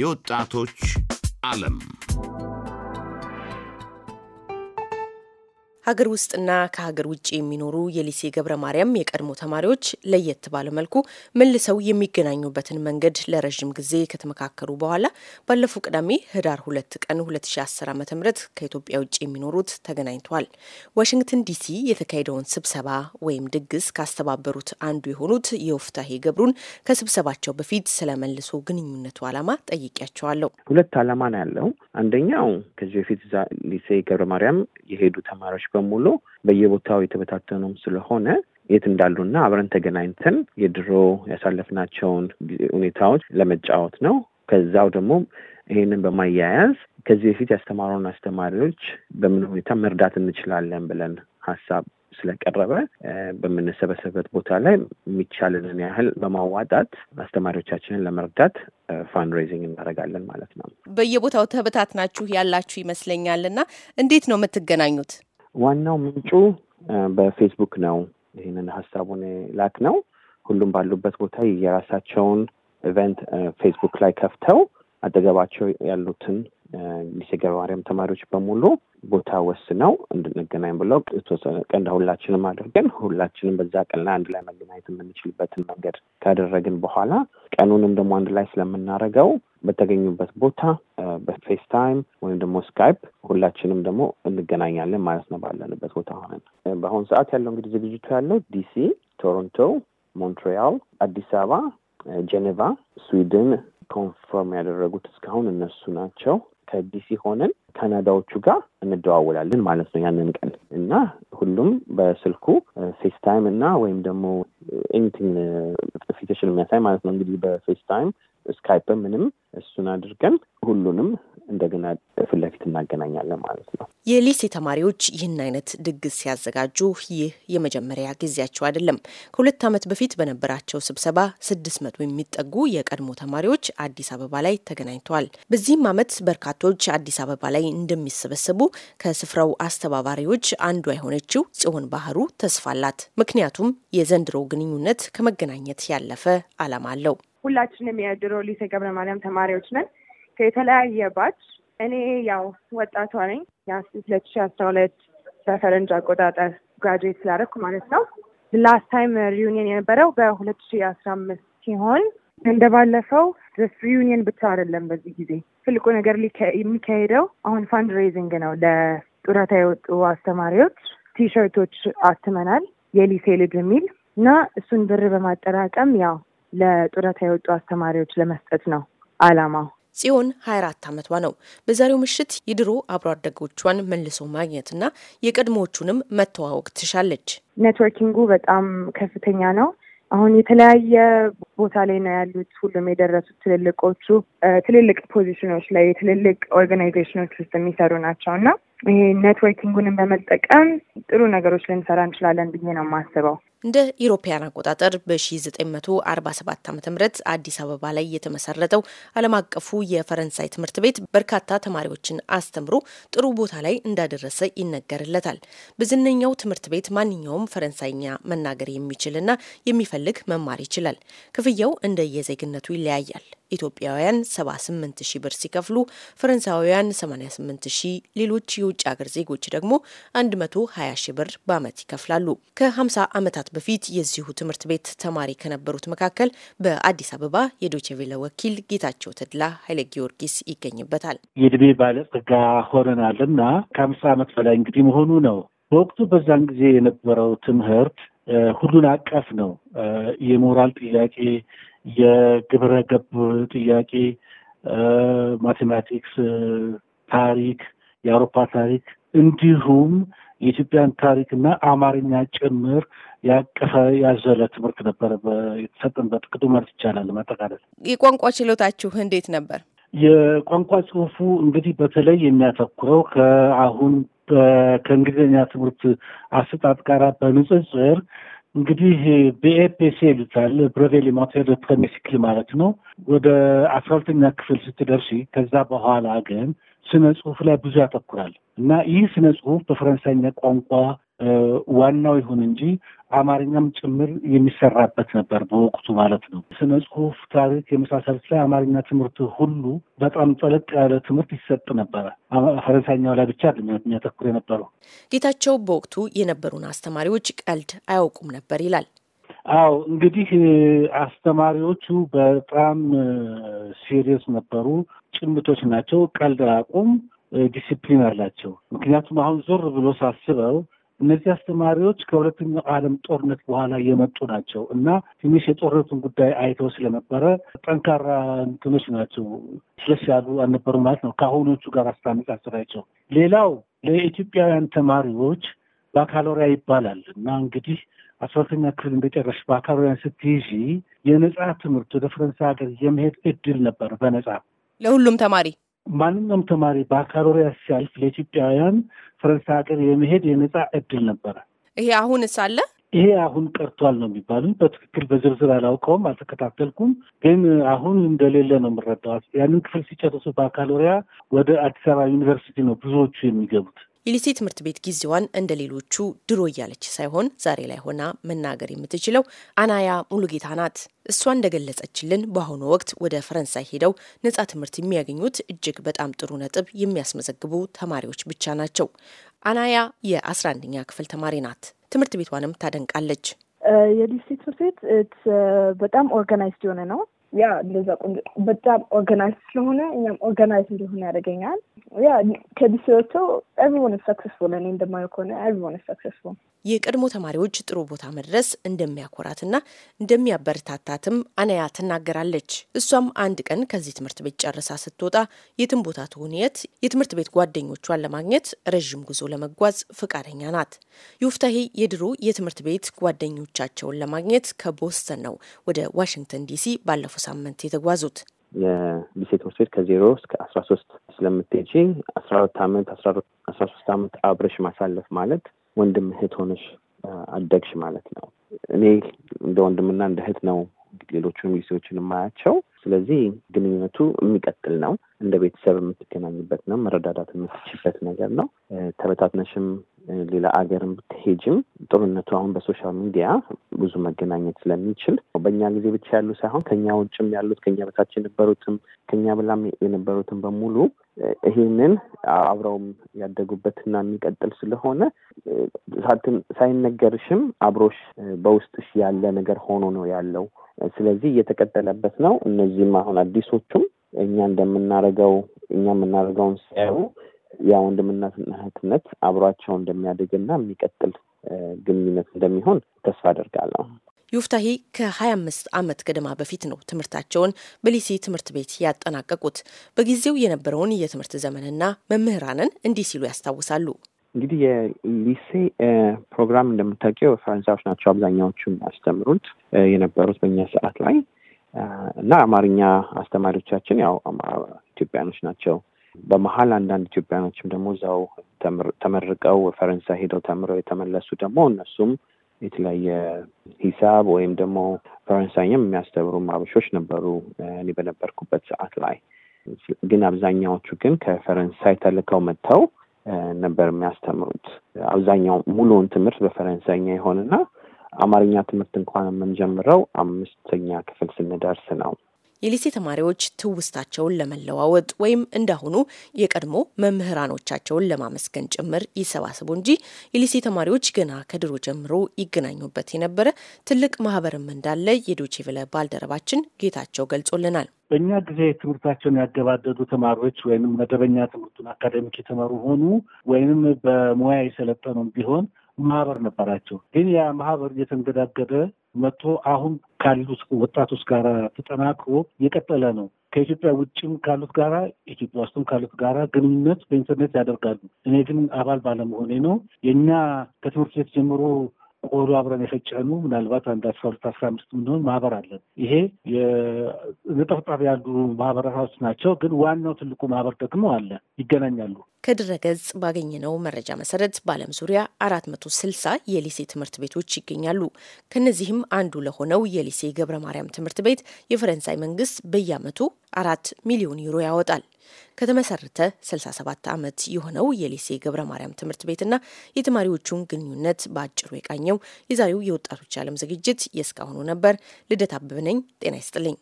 የወጣቶች ዓለም ሀገር ውስጥና ከሀገር ውጭ የሚኖሩ የሊሴ ገብረ ማርያም የቀድሞ ተማሪዎች ለየት ባለ መልኩ መልሰው የሚገናኙበትን መንገድ ለረዥም ጊዜ ከተመካከሩ በኋላ ባለፈው ቅዳሜ ህዳር ሁለት ቀን 2010 ዓ ም ከኢትዮጵያ ውጭ የሚኖሩት ተገናኝተዋል። ዋሽንግተን ዲሲ የተካሄደውን ስብሰባ ወይም ድግስ ካስተባበሩት አንዱ የሆኑት የወፍታሄ ገብሩን ከስብሰባቸው በፊት መልሶ ግንኙነቱ ዓላማ ጠይቂያቸዋለሁ። ሁለት ዓላማ ነው ያለው። አንደኛው ከዚህ በፊት ሊሴ ገብረ ማርያም የሄዱ ተማሪዎች በሙሉ በየቦታው የተበታተኑም ስለሆነ የት እንዳሉና አብረን ተገናኝተን የድሮ ያሳለፍናቸውን ሁኔታዎች ለመጫወት ነው። ከዛው ደግሞ ይህንን በማያያዝ ከዚህ በፊት ያስተማሩን አስተማሪዎች በምን ሁኔታ መርዳት እንችላለን ብለን ሀሳብ ስለቀረበ በምንሰበሰበት ቦታ ላይ የሚቻልንን ያህል በማዋጣት አስተማሪዎቻችንን ለመርዳት ፋንድሬዚንግ እናደርጋለን ማለት ነው። በየቦታው ተበታትናችሁ ያላችሁ ይመስለኛል እና እንዴት ነው የምትገናኙት? ዋናው ምንጩ በፌስቡክ ነው። ይህንን ሀሳቡን ላክ ነው። ሁሉም ባሉበት ቦታ የራሳቸውን ኢቨንት ፌስቡክ ላይ ከፍተው አጠገባቸው ያሉትን ሊሴ ገብረ ማርያም ተማሪዎች በሙሉ ቦታ ወስነው እንድንገናኝ ብለው ቀን ሁላችንም አድርገን ሁላችንም በዛ ቀን ላይ አንድ ላይ መገናኘት የምንችልበትን መንገድ ካደረግን በኋላ ቀኑንም ደግሞ አንድ ላይ ስለምናደርገው በተገኙበት ቦታ በፌስ ታይም ወይም ደግሞ ስካይፕ ሁላችንም ደግሞ እንገናኛለን ማለት ነው ባለንበት ቦታ ሆነን። በአሁኑ ሰዓት ያለው እንግዲህ ዝግጅቱ ያለው ዲሲ፣ ቶሮንቶ፣ ሞንትሪያል፣ አዲስ አበባ፣ ጄኔቫ፣ ስዊድን ኮንፈርም ያደረጉት እስካሁን እነሱ ናቸው። ከዲሲ ሆነን ካናዳዎቹ ጋር እንደዋወላለን ማለት ነው ያንን ቀን እና ሁሉም በስልኩ ፌስ ታይም እና ወይም ደግሞ ኤኒቲንግ ፊቴሽን የሚያሳይ ማለት ነው እንግዲህ በፌስ ታይም ስካይፕ ምንም እሱን አድርገን ሁሉንም እንደገና ፊት ለፊት እናገናኛለን ማለት ነው። የሊሴ ተማሪዎች ይህን አይነት ድግስ ሲያዘጋጁ ይህ የመጀመሪያ ጊዜያቸው አይደለም። ከሁለት ዓመት በፊት በነበራቸው ስብሰባ ስድስት መቶ የሚጠጉ የቀድሞ ተማሪዎች አዲስ አበባ ላይ ተገናኝተዋል። በዚህም ዓመት በርካቶች አዲስ አበባ ላይ እንደሚሰበሰቡ ከስፍራው አስተባባሪዎች አንዷ የሆነችው ጽዮን ባህሩ ተስፋላት ምክንያቱም የዘንድሮ ግንኙነት ከመገናኘት ያለፈ ዓላማ አለው። ሁላችንም የድሮ ሊሴ ገብረ ማርያም ተማሪዎች ነን ከየተለያየ ባች። እኔ ያው ወጣቷ ነኝ ሁለት ሺ አስራ ሁለት በፈረንጅ አቆጣጠር ግራጁዌት ስላደረኩ ማለት ነው። ላስት ታይም ሪዩኒየን የነበረው በሁለት ሺ አስራ አምስት ሲሆን እንደባለፈው ስ ሪዩኒየን ብቻ አይደለም። በዚህ ጊዜ ትልቁ ነገር የሚካሄደው አሁን ፋንድ ሬዚንግ ነው። ለጡረታ የወጡ አስተማሪዎች ቲሸርቶች አትመናል የሊሴ ልጅ የሚል እና እሱን ብር በማጠራቀም ያው ለጡረታ የወጡ አስተማሪዎች ለመስጠት ነው አላማው። ጽዮን 24 ዓመቷ ነው። በዛሬው ምሽት የድሮ አብሮ አደጎቿን መልሶ ማግኘትና የቀድሞዎቹንም መተዋወቅ ትሻለች። ኔትወርኪንጉ በጣም ከፍተኛ ነው። አሁን የተለያየ ቦታ ላይ ነው ያሉት። ሁሉም የደረሱት ትልልቆቹ ትልልቅ ፖዚሽኖች ላይ ትልልቅ ኦርጋናይዜሽኖች ውስጥ የሚሰሩ ናቸው እና ይሄ ኔትወርኪንጉንም በመጠቀም ጥሩ ነገሮች ልንሰራ እንችላለን ብዬ ነው የማስበው። እንደ ኢሮፓያን አቆጣጠር በ1947 ዓ ም አዲስ አበባ ላይ የተመሰረተው ዓለም አቀፉ የፈረንሳይ ትምህርት ቤት በርካታ ተማሪዎችን አስተምሮ ጥሩ ቦታ ላይ እንዳደረሰ ይነገርለታል። በዝነኛው ትምህርት ቤት ማንኛውም ፈረንሳይኛ መናገር የሚችልና የሚፈልግ መማር ይችላል። ክፍያው እንደ የዜግነቱ ይለያያል። ኢትዮጵያውያን 78 ሺህ ብር ሲከፍሉ ፈረንሳውያን 88 ሺህ፣ ሌሎች የውጭ ሀገር ዜጎች ደግሞ 120 ሺህ ብር በዓመት ይከፍላሉ። ከ50 ዓመታት በፊት የዚሁ ትምህርት ቤት ተማሪ ከነበሩት መካከል በአዲስ አበባ የዶቼቬለ ወኪል ጌታቸው ተድላ ኃይለ ጊዮርጊስ ይገኝበታል። የዕድሜ ባለጸጋ ሆነናል እና 50 ዓመት በላይ እንግዲህ መሆኑ ነው። በወቅቱ በዛን ጊዜ የነበረው ትምህርት ሁሉን አቀፍ ነው። የሞራል ጥያቄ፣ የግብረ ገብ ጥያቄ፣ ማቴማቲክስ፣ ታሪክ፣ የአውሮፓ ታሪክ እንዲሁም የኢትዮጵያን ታሪክና አማርኛ ጭምር ያቀፈ ያዘለ ትምህርት ነበረ የተሰጠን በጥቅዱ ማለት ይቻላል። ማጠቃለል የቋንቋ ችሎታችሁ እንዴት ነበር? የቋንቋ ጽሁፉ እንግዲህ በተለይ የሚያተኩረው ከአሁን ከእንግሊዝኛ ትምህርት አሰጣጥ ጋር በንጽጽር እንግዲህ ቢኤፒሲ ይሉታል ብሬቭ ኤሌመንታሪ ፕሬሚስክል ማለት ነው። ወደ አስራ ሁለተኛ ክፍል ስትደርሲ ከዛ በኋላ ግን ስነ ጽሁፍ ላይ ብዙ ያተኩራል እና ይህ ስነ ጽሁፍ በፈረንሳይኛ ቋንቋ ዋናው ይሁን እንጂ አማርኛም ጭምር የሚሰራበት ነበር በወቅቱ ማለት ነው። ስነ ጽሁፍ፣ ታሪክ የመሳሰሉት ላይ አማርኛ ትምህርት ሁሉ በጣም ጠለቅ ያለ ትምህርት ይሰጥ ነበረ። ፈረንሳይኛው ላይ ብቻ የሚያተኩር የነበረው። ጌታቸው በወቅቱ የነበሩን አስተማሪዎች ቀልድ አያውቁም ነበር ይላል። አው እንግዲህ አስተማሪዎቹ በጣም ሲሪየስ ነበሩ። ጭምቶች ናቸው። ቀልድ አያውቁም። ዲሲፕሊን አላቸው። ምክንያቱም አሁን ዞር ብሎ ሳስበው እነዚህ አስተማሪዎች ከሁለተኛው ዓለም ጦርነት በኋላ የመጡ ናቸው እና ትንሽ የጦርነቱን ጉዳይ አይተው ስለነበረ ጠንካራ እንትኖች ናቸው። ስለሽ ያሉ አልነበሩ ማለት ነው ከአሁኖቹ ጋር አስታነጻጽራቸው። ሌላው ለኢትዮጵያውያን ተማሪዎች ባካሎሪያ ይባላል እና እንግዲህ አስራተኛ ክፍል እንደጨረሽ ባካሎሪያ ስትይዥ የነጻ ትምህርት ወደ ፈረንሳይ ሀገር የመሄድ እድል ነበር በነጻ ለሁሉም ተማሪ ማንኛውም ተማሪ ባካሎሪያ ሲያልፍ ለኢትዮጵያውያን ፈረንሳይ ሀገር የመሄድ የነጻ እድል ነበረ። ይሄ አሁን ሳለ ይሄ አሁን ቀርቷል ነው የሚባሉ። በትክክል በዝርዝር አላውቀውም፣ አልተከታተልኩም። ግን አሁን እንደሌለ ነው የምረዳው። ያንን ክፍል ሲጨርሱ ባካሎሪያ ወደ አዲስ አበባ ዩኒቨርሲቲ ነው ብዙዎቹ የሚገቡት። የሊሴ ትምህርት ቤት ጊዜዋን እንደ ሌሎቹ ድሮ እያለች ሳይሆን ዛሬ ላይ ሆና መናገር የምትችለው አናያ ሙሉጌታ ናት። እሷ እንደገለጸችልን በአሁኑ ወቅት ወደ ፈረንሳይ ሄደው ነጻ ትምህርት የሚያገኙት እጅግ በጣም ጥሩ ነጥብ የሚያስመዘግቡ ተማሪዎች ብቻ ናቸው። አናያ የ11ኛ ክፍል ተማሪ ናት። ትምህርት ቤቷንም ታደንቃለች። የሊሴ ትምህርት ቤት በጣም ኦርጋናይዝድ የሆነ ነው። ያ እንደዛ ቆንጆ በጣም ኦርጋናይዝ ስለሆነ እኛም ኦርጋናይዝ እንዲሆን ያደርገኛል። ያ ከቢሴዎቹ ኤቭሪዋን ሰክሰስፉል እኔ እንደማየው ከሆነ ኤቭሪዋን ሰክሰስፉል። የቀድሞ ተማሪዎች ጥሩ ቦታ መድረስ እንደሚያኮራትና እንደሚያበረታታትም አናያ ትናገራለች። እሷም አንድ ቀን ከዚህ ትምህርት ቤት ጨርሳ ስትወጣ የትም ቦታ ትሁን የት የትምህርት ቤት ጓደኞቿን ለማግኘት ረዥም ጉዞ ለመጓዝ ፈቃደኛ ናት። ዩፍታሄ የድሮ የትምህርት ቤት ጓደኞቻቸውን ለማግኘት ከቦስተን ነው ወደ ዋሽንግተን ዲሲ ባለፉት ባለፈው ሳምንት የተጓዙት። የሊሴ ትምህርት ቤት ከዜሮ እስከ አስራ ሶስት ስለምትሄጂ አስራ ሁለት አመት አስራ ሶስት አመት አብረሽ ማሳለፍ ማለት ወንድም እህት ሆነሽ አደግሽ ማለት ነው። እኔ እንደ ወንድምና እንደ እህት ነው ሌሎቹን ሊሴዎችን የማያቸው። ስለዚህ ግንኙነቱ የሚቀጥል ነው። እንደ ቤተሰብ የምትገናኝበት ነው። መረዳዳት የምትችበት ነገር ነው። ተበታትነሽም ሌላ አገርም ብትሄጅም ጦርነቱ አሁን በሶሻል ሚዲያ ብዙ መገናኘት ስለሚችል በእኛ ጊዜ ብቻ ያሉ ሳይሆን ከኛ ውጭም ያሉት ከኛ በታች የነበሩትም ከኛ በላም የነበሩትም በሙሉ ይሄንን አብረውም ያደጉበትና የሚቀጥል ስለሆነ ሳይነገርሽም አብሮሽ በውስጥሽ ያለ ነገር ሆኖ ነው ያለው። ስለዚህ እየተቀጠለበት ነው። እነዚህም አሁን አዲሶቹም እኛ እንደምናረገው እኛ የምናደርገውን ሲያዩ ያ ወንድምናትና እህትነት አብሯቸው እንደሚያድግና የሚቀጥል ግንኙነት እንደሚሆን ተስፋ አደርጋለሁ። ዩፍታሂ ከ25 ዓመት ገደማ በፊት ነው ትምህርታቸውን በሊሴ ትምህርት ቤት ያጠናቀቁት። በጊዜው የነበረውን የትምህርት ዘመንና መምህራንን እንዲህ ሲሉ ያስታውሳሉ። እንግዲህ የሊሴ ፕሮግራም እንደምታውቂው ፈረንሳዮች ናቸው አብዛኛዎቹ የሚያስተምሩት የነበሩት በእኛ ሰዓት ላይ እና አማርኛ አስተማሪዎቻችን ያው ኢትዮጵያኖች ናቸው። በመሀል አንዳንድ ኢትዮጵያኖችም ደግሞ እዛው ተመርቀው ፈረንሳይ ሄደው ተምረው የተመለሱ ደግሞ እነሱም የተለያየ ሂሳብ ወይም ደግሞ ፈረንሳይም የሚያስተምሩ አበሾች ነበሩ እኔ በነበርኩበት ሰዓት ላይ። ግን አብዛኛዎቹ ግን ከፈረንሳይ ተልከው መጥተው ነበር የሚያስተምሩት። አብዛኛው ሙሉውን ትምህርት በፈረንሳይኛ የሆነና አማርኛ ትምህርት እንኳን የምንጀምረው አምስተኛ ክፍል ስንደርስ ነው። የሊሴ ተማሪዎች ትውስታቸውን ለመለዋወጥ ወይም እንዳሁኑ የቀድሞ መምህራኖቻቸውን ለማመስገን ጭምር ይሰባስቡ እንጂ የሊሴ ተማሪዎች ገና ከድሮ ጀምሮ ይገናኙበት የነበረ ትልቅ ማህበርም እንዳለ የዶቼቬለ ባልደረባችን ጌታቸው ገልጾልናል። በእኛ ጊዜ ትምህርታቸውን ያገባደዱ ተማሪዎች ወይም መደበኛ ትምህርቱን አካደሚክ የተመሩ ሆኑ ወይም በሙያ የሰለጠኑም ቢሆን ማህበር ነበራቸው። ግን ያ ማህበር እየተንገዳገደ መጥቶ አሁን ካሉት ወጣቶች ጋር ተጠናክሮ የቀጠለ ነው። ከኢትዮጵያ ውጭም ካሉት ጋራ ኢትዮጵያ ውስጥም ካሉት ጋራ ግንኙነት በኢንተርኔት ያደርጋሉ። እኔ ግን አባል ባለመሆኔ ነው። የእኛ ከትምህርት ቤት ጀምሮ ቆሎ አብረን የፈጨኑ ምናልባት አንድ አስራ ሁለት አስራ አምስት የምንሆን ማህበር አለን። ይሄ የነጠፍጣፍ ያሉ ማህበረሰቦች ናቸው። ግን ዋናው ትልቁ ማህበር ደግሞ አለ፣ ይገናኛሉ። ከድረ ገጽ ባገኘነው መረጃ መሰረት በዓለም ዙሪያ አራት መቶ ስልሳ የሊሴ ትምህርት ቤቶች ይገኛሉ። ከነዚህም አንዱ ለሆነው የሊሴ ገብረ ማርያም ትምህርት ቤት የፈረንሳይ መንግስት በየዓመቱ አራት ሚሊዮን ዩሮ ያወጣል። ከተመሰረተ 67 ዓመት የሆነው የሊሴ ገብረ ማርያም ትምህርት ቤትና የተማሪዎቹን ግንኙነት በአጭሩ የቃኘው የዛሬው የወጣቶች ዓለም ዝግጅት የእስካሁኑ ነበር። ልደት አበበ ነኝ። ጤና ይስጥልኝ።